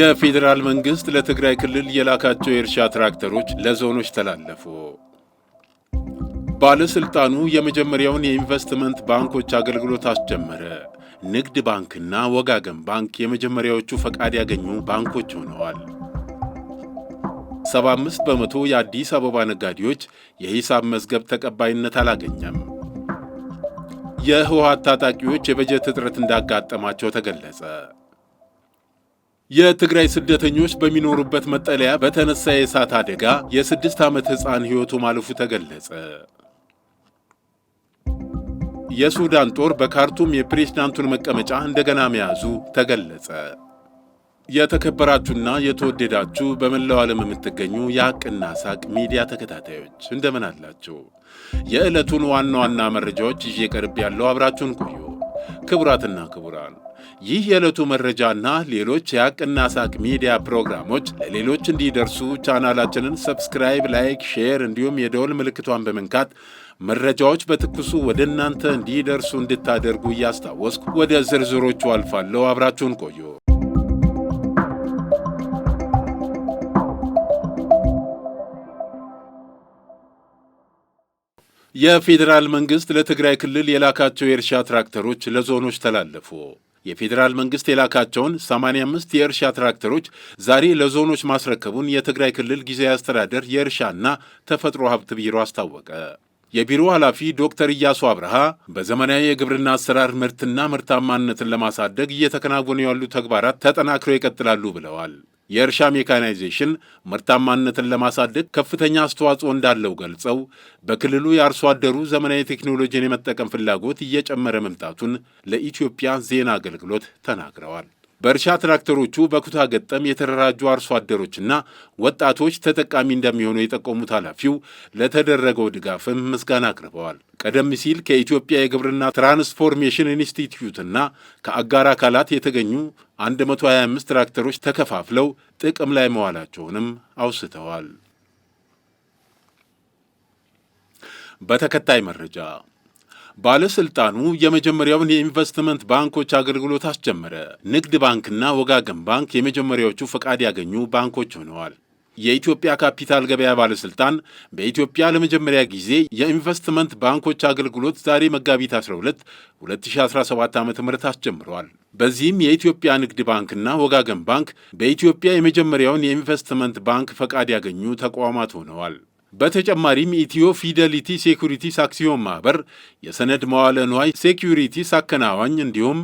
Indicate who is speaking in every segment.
Speaker 1: የፌዴራል መንግስት ለትግራይ ክልል የላካቸው የእርሻ ትራክተሮች ለዞኖች ተላለፉ። ባለሥልጣኑ የመጀመሪያውን የኢንቨስትመንት ባንኮች አገልግሎት አስጀመረ። ንግድ ባንክና ወጋገን ባንክ የመጀመሪያዎቹ ፈቃድ ያገኙ ባንኮች ሆነዋል። 75 በመቶ የአዲስ አበባ ነጋዴዎች የሂሳብ መዝገብ ተቀባይነት አላገኘም። የህወሀት ታጣቂዎች የበጀት እጥረት እንዳጋጠማቸው ተገለጸ። የትግራይ ስደተኞች በሚኖሩበት መጠለያ በተነሳ የእሳት አደጋ የስድስት ዓመት ሕፃን ሕይወቱ ማለፉ ተገለጸ። የሱዳን ጦር በካርቱም የፕሬዝዳንቱን መቀመጫ እንደገና መያዙ ተገለጸ። የተከበራችሁና የተወደዳችሁ በመላው ዓለም የምትገኙ የሐቅና ሳቅ ሚዲያ ተከታታዮች እንደምን አላችሁ? የዕለቱን ዋና ዋና መረጃዎች ይዤ ቀርብ ያለው አብራችሁን ቆዩ። ክቡራትና ክቡራን ይህ የዕለቱ መረጃና ሌሎች የአቅና ሳቅ ሚዲያ ፕሮግራሞች ለሌሎች እንዲደርሱ ቻናላችንን ሰብስክራይብ፣ ላይክ፣ ሼር እንዲሁም የደወል ምልክቷን በመንካት መረጃዎች በትኩሱ ወደ እናንተ እንዲደርሱ እንድታደርጉ እያስታወስኩ ወደ ዝርዝሮቹ አልፋለሁ። አብራችሁን ቆዩ። የፌዴራል መንግሥት ለትግራይ ክልል የላካቸው የእርሻ ትራክተሮች ለዞኖች ተላለፉ። የፌዴራል መንግስት የላካቸውን 85 የእርሻ ትራክተሮች ዛሬ ለዞኖች ማስረከቡን የትግራይ ክልል ጊዜያዊ አስተዳደር የእርሻና ተፈጥሮ ሀብት ቢሮ አስታወቀ። የቢሮ ኃላፊ ዶክተር እያሱ አብርሃ በዘመናዊ የግብርና አሰራር ምርትና ምርታማነትን ለማሳደግ እየተከናወኑ ያሉ ተግባራት ተጠናክረው ይቀጥላሉ ብለዋል። የእርሻ ሜካናይዜሽን ምርታማነትን ለማሳደግ ከፍተኛ አስተዋጽኦ እንዳለው ገልጸው በክልሉ የአርሶ አደሩ ዘመናዊ ቴክኖሎጂን የመጠቀም ፍላጎት እየጨመረ መምጣቱን ለኢትዮጵያ ዜና አገልግሎት ተናግረዋል። በእርሻ ትራክተሮቹ በኩታ ገጠም የተደራጁ አርሶ አደሮችና ወጣቶች ተጠቃሚ እንደሚሆኑ የጠቆሙት ኃላፊው ለተደረገው ድጋፍም ምስጋና አቅርበዋል። ቀደም ሲል ከኢትዮጵያ የግብርና ትራንስፎርሜሽን ኢንስቲትዩትና ከአጋር አካላት የተገኙ 125 ትራክተሮች ተከፋፍለው ጥቅም ላይ መዋላቸውንም አውስተዋል። በተከታይ መረጃ ባለስልጣኑ የመጀመሪያውን የኢንቨስትመንት ባንኮች አገልግሎት አስጀመረ። ንግድ ባንክና ወጋገን ባንክ የመጀመሪያዎቹ ፈቃድ ያገኙ ባንኮች ሆነዋል። የኢትዮጵያ ካፒታል ገበያ ባለስልጣን በኢትዮጵያ ለመጀመሪያ ጊዜ የኢንቨስትመንት ባንኮች አገልግሎት ዛሬ መጋቢት 12 2017 ዓ ም አስጀምረዋል። በዚህም የኢትዮጵያ ንግድ ባንክና ወጋገን ባንክ በኢትዮጵያ የመጀመሪያውን የኢንቨስትመንት ባንክ ፈቃድ ያገኙ ተቋማት ሆነዋል። በተጨማሪም ኢትዮ ፊደሊቲ ሴኩሪቲስ አክሲዮን ማህበር የሰነድ መዋለ ንዋይ ሴኩሪቲስ አከናዋኝ እንዲሁም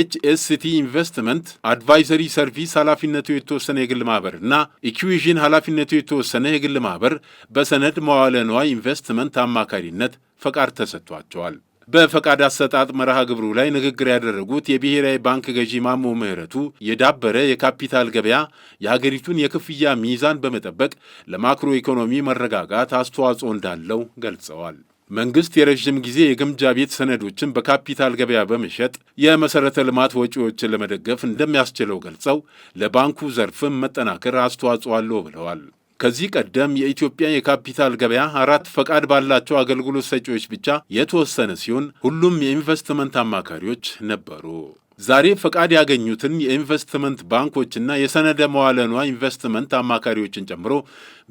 Speaker 1: ኤችኤስሲቲ ኢንቨስትመንት አድቫይዘሪ ሰርቪስ ኃላፊነቱ የተወሰነ የግል እና ኢኩዊዥን ኃላፊነቱ የተወሰነ የግል ማህበር በሰነድ መዋለ ንዋይ ኢንቨስትመንት አማካሪነት ፈቃድ ተሰጥቷቸዋል። በፈቃድ አሰጣጥ መርሃ ግብሩ ላይ ንግግር ያደረጉት የብሔራዊ ባንክ ገዢ ማሞ ምህረቱ የዳበረ የካፒታል ገበያ የሀገሪቱን የክፍያ ሚዛን በመጠበቅ ለማክሮ ኢኮኖሚ መረጋጋት አስተዋጽኦ እንዳለው ገልጸዋል። መንግስት የረዥም ጊዜ የግምጃ ቤት ሰነዶችን በካፒታል ገበያ በመሸጥ የመሰረተ ልማት ወጪዎችን ለመደገፍ እንደሚያስችለው ገልጸው ለባንኩ ዘርፍም መጠናከር አስተዋጽኦ አለው ብለዋል። ከዚህ ቀደም የኢትዮጵያ የካፒታል ገበያ አራት ፈቃድ ባላቸው አገልግሎት ሰጪዎች ብቻ የተወሰነ ሲሆን ሁሉም የኢንቨስትመንት አማካሪዎች ነበሩ። ዛሬ ፈቃድ ያገኙትን የኢንቨስትመንት ባንኮችና የሰነደ መዋለ ኢንቨስትመንት አማካሪዎችን ጨምሮ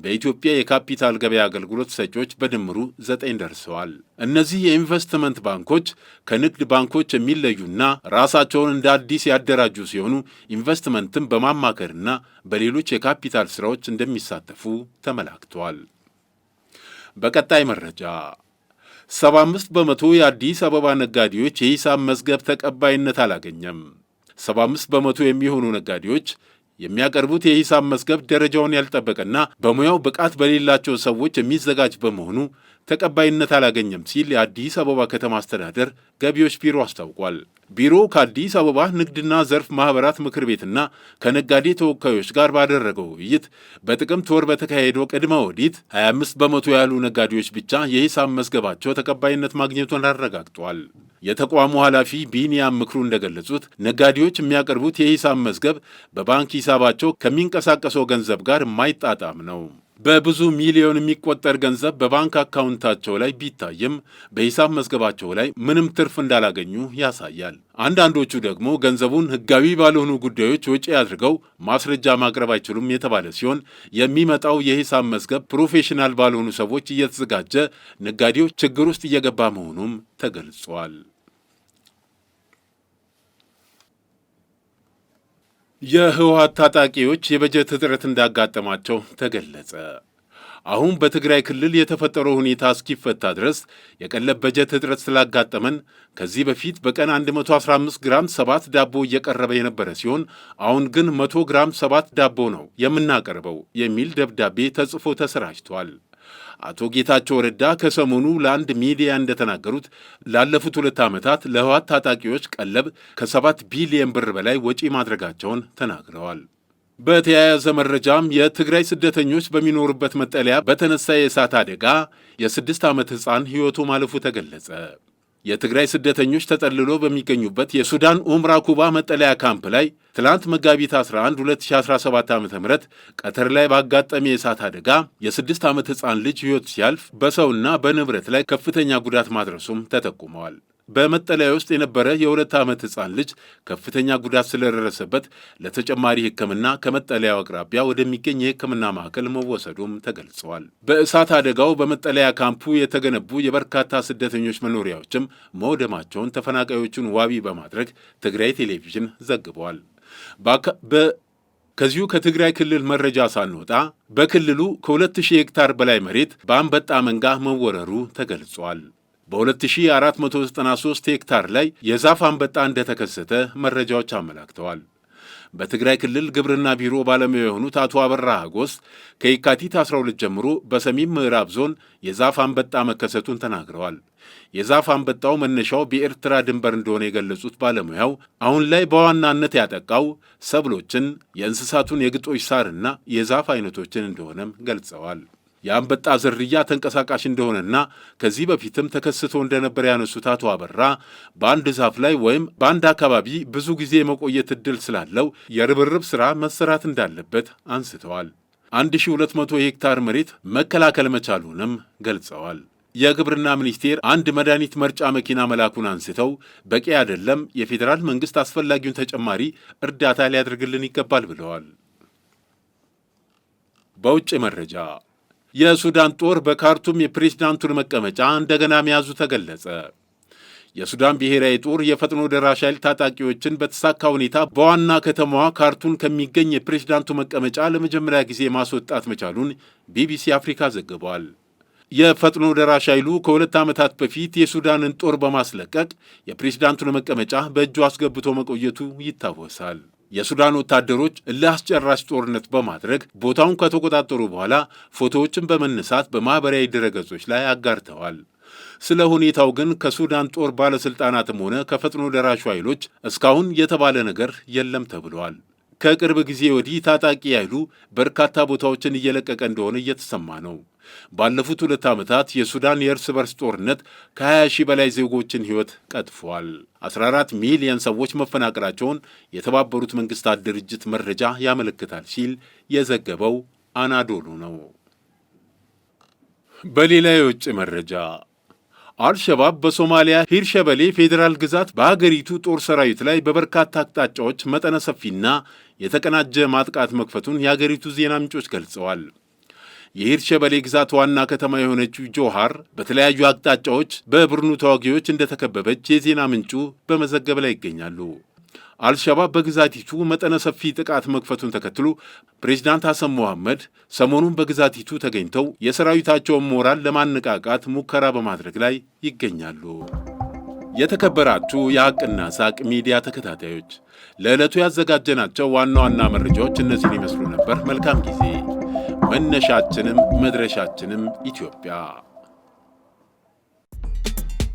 Speaker 1: በኢትዮጵያ የካፒታል ገበያ አገልግሎት ሰጪዎች በድምሩ ዘጠኝ ደርሰዋል። እነዚህ የኢንቨስትመንት ባንኮች ከንግድ ባንኮች የሚለዩና ራሳቸውን እንደ አዲስ ያደራጁ ሲሆኑ ኢንቨስትመንትን በማማከርና በሌሎች የካፒታል ስራዎች እንደሚሳተፉ ተመላክተዋል። በቀጣይ መረጃ 75 በመቶ የአዲስ አበባ ነጋዴዎች የሂሳብ መዝገብ ተቀባይነት አላገኘም። 75 በመቶ የሚሆኑ ነጋዴዎች የሚያቀርቡት የሂሳብ መዝገብ ደረጃውን ያልጠበቀና በሙያው ብቃት በሌላቸው ሰዎች የሚዘጋጅ በመሆኑ ተቀባይነት አላገኘም ሲል የአዲስ አበባ ከተማ አስተዳደር ገቢዎች ቢሮ አስታውቋል። ቢሮው ከአዲስ አበባ ንግድና ዘርፍ ማህበራት ምክር ቤትና ከነጋዴ ተወካዮች ጋር ባደረገው ውይይት በጥቅምት ወር በተካሄደው ቅድመ ኦዲት 25 በመቶ ያሉ ነጋዴዎች ብቻ የሂሳብ መዝገባቸው ተቀባይነት ማግኘቱን አረጋግጧል። የተቋሙ ኃላፊ ቢኒያም ምክሩ እንደገለጹት ነጋዴዎች የሚያቀርቡት የሂሳብ መዝገብ በባንክ ሂሳባቸው ከሚንቀሳቀሰው ገንዘብ ጋር የማይጣጣም ነው። በብዙ ሚሊዮን የሚቆጠር ገንዘብ በባንክ አካውንታቸው ላይ ቢታይም በሂሳብ መዝገባቸው ላይ ምንም ትርፍ እንዳላገኙ ያሳያል። አንዳንዶቹ ደግሞ ገንዘቡን ሕጋዊ ባልሆኑ ጉዳዮች ወጪ አድርገው ማስረጃ ማቅረብ አይችሉም የተባለ ሲሆን የሚመጣው የሂሳብ መዝገብ ፕሮፌሽናል ባልሆኑ ሰዎች እየተዘጋጀ ነጋዴው ችግር ውስጥ እየገባ መሆኑም ተገልጿል። የህወሀት ታጣቂዎች የበጀት እጥረት እንዳጋጠማቸው ተገለጸ። አሁን በትግራይ ክልል የተፈጠረው ሁኔታ እስኪፈታ ድረስ የቀለብ በጀት እጥረት ስላጋጠመን ከዚህ በፊት በቀን 115 ግራም ሰባት ዳቦ እየቀረበ የነበረ ሲሆን አሁን ግን 100 ግራም ሰባት ዳቦ ነው የምናቀርበው የሚል ደብዳቤ ተጽፎ ተሰራጭቷል። አቶ ጌታቸው ረዳ ከሰሞኑ ለአንድ ሚዲያ እንደተናገሩት ላለፉት ሁለት ዓመታት ለህወሓት ታጣቂዎች ቀለብ ከሰባት ቢሊየን ብር በላይ ወጪ ማድረጋቸውን ተናግረዋል። በተያያዘ መረጃም የትግራይ ስደተኞች በሚኖሩበት መጠለያ በተነሳ የእሳት አደጋ የስድስት ዓመት ሕፃን ሕይወቱ ማለፉ ተገለጸ። የትግራይ ስደተኞች ተጠልሎ በሚገኙበት የሱዳን ኡምራ ኩባ መጠለያ ካምፕ ላይ ትላንት መጋቢት 11 2017 ዓ ም ቀተር ላይ ባጋጠመ የእሳት አደጋ የስድስት ዓመት ሕፃን ልጅ ሕይወት ሲያልፍ በሰውና በንብረት ላይ ከፍተኛ ጉዳት ማድረሱም ተጠቁመዋል። በመጠለያ ውስጥ የነበረ የሁለት ዓመት ሕፃን ልጅ ከፍተኛ ጉዳት ስለደረሰበት ለተጨማሪ ሕክምና ከመጠለያው አቅራቢያ ወደሚገኝ የሕክምና ማዕከል መወሰዱም ተገልጸዋል። በእሳት አደጋው በመጠለያ ካምፑ የተገነቡ የበርካታ ስደተኞች መኖሪያዎችም መውደማቸውን ተፈናቃዮቹን ዋቢ በማድረግ ትግራይ ቴሌቪዥን ዘግበዋል። ከዚሁ ከትግራይ ክልል መረጃ ሳንወጣ በክልሉ ከ2000 ሄክታር በላይ መሬት በአንበጣ መንጋ መወረሩ ተገልጿል። በ2493 ሄክታር ላይ የዛፍ አንበጣ እንደተከሰተ መረጃዎች አመላክተዋል። በትግራይ ክልል ግብርና ቢሮ ባለሙያ የሆኑት አቶ አበራ አጎስ ከየካቲት 12 ጀምሮ በሰሜን ምዕራብ ዞን የዛፍ አንበጣ መከሰቱን ተናግረዋል። የዛፍ አንበጣው መነሻው በኤርትራ ድንበር እንደሆነ የገለጹት ባለሙያው አሁን ላይ በዋናነት ያጠቃው ሰብሎችን፣ የእንስሳቱን የግጦሽ ሳርና የዛፍ አይነቶችን እንደሆነም ገልጸዋል። የአንበጣ ዝርያ ተንቀሳቃሽ እንደሆነና ከዚህ በፊትም ተከስቶ እንደነበር ያነሱት አቶ አበራ በአንድ ዛፍ ላይ ወይም በአንድ አካባቢ ብዙ ጊዜ የመቆየት እድል ስላለው የርብርብ ስራ መሰራት እንዳለበት አንስተዋል። 1200 ሄክታር መሬት መከላከል መቻሉንም ገልጸዋል። የግብርና ሚኒስቴር አንድ መድኃኒት መርጫ መኪና መላኩን አንስተው በቂ አይደለም፣ የፌዴራል መንግስት አስፈላጊውን ተጨማሪ እርዳታ ሊያደርግልን ይገባል ብለዋል። በውጭ መረጃ የሱዳን ጦር በካርቱም የፕሬዝዳንቱን መቀመጫ እንደገና መያዙ ተገለጸ። የሱዳን ብሔራዊ ጦር የፈጥኖ ደራሽ ኃይል ታጣቂዎችን በተሳካ ሁኔታ በዋና ከተማዋ ካርቱም ከሚገኝ የፕሬዝዳንቱ መቀመጫ ለመጀመሪያ ጊዜ ማስወጣት መቻሉን ቢቢሲ አፍሪካ ዘግቧል። የፈጥኖ ደራሽ ኃይሉ ከሁለት ዓመታት በፊት የሱዳንን ጦር በማስለቀቅ የፕሬዝዳንቱን መቀመጫ በእጁ አስገብቶ መቆየቱ ይታወሳል። የሱዳን ወታደሮች ለአስጨራሽ ጦርነት በማድረግ ቦታውን ከተቆጣጠሩ በኋላ ፎቶዎችን በመነሳት በማኅበራዊ ድረገጾች ላይ አጋርተዋል። ስለ ሁኔታው ግን ከሱዳን ጦር ባለሥልጣናትም ሆነ ከፈጥኖ ደራሹ ኃይሎች እስካሁን የተባለ ነገር የለም ተብለዋል። ከቅርብ ጊዜ ወዲህ ታጣቂ ኃይሉ በርካታ ቦታዎችን እየለቀቀ እንደሆነ እየተሰማ ነው። ባለፉት ሁለት ዓመታት የሱዳን የእርስ በርስ ጦርነት ከ20 ሺህ በላይ ዜጎችን ሕይወት ቀጥፏል። 14 ሚሊዮን ሰዎች መፈናቀላቸውን የተባበሩት መንግስታት ድርጅት መረጃ ያመለክታል ሲል የዘገበው አናዶሉ ነው። በሌላ የውጭ መረጃ አልሸባብ በሶማሊያ ሂርሸበሌ ፌዴራል ግዛት በአገሪቱ ጦር ሰራዊት ላይ በበርካታ አቅጣጫዎች መጠነ ሰፊና የተቀናጀ ማጥቃት መክፈቱን የአገሪቱ ዜና ምንጮች ገልጸዋል። የሂርሸበሌ ግዛት ዋና ከተማ የሆነችው ጆሃር በተለያዩ አቅጣጫዎች በብርኑ ተዋጊዎች እንደተከበበች የዜና ምንጩ በመዘገብ ላይ ይገኛሉ። አልሸባብ በግዛቲቱ መጠነ ሰፊ ጥቃት መክፈቱን ተከትሎ ፕሬዚዳንት ሐሰን ሞሐመድ ሰሞኑን በግዛቲቱ ተገኝተው የሰራዊታቸውን ሞራል ለማነቃቃት ሙከራ በማድረግ ላይ ይገኛሉ። የተከበራችሁ የሐቅና ሳቅ ሚዲያ ተከታታዮች ለዕለቱ ያዘጋጀናቸው ዋና ዋና መረጃዎች እነዚህን ይመስሉ ነበር። መልካም ጊዜ። መነሻችንም መድረሻችንም ኢትዮጵያ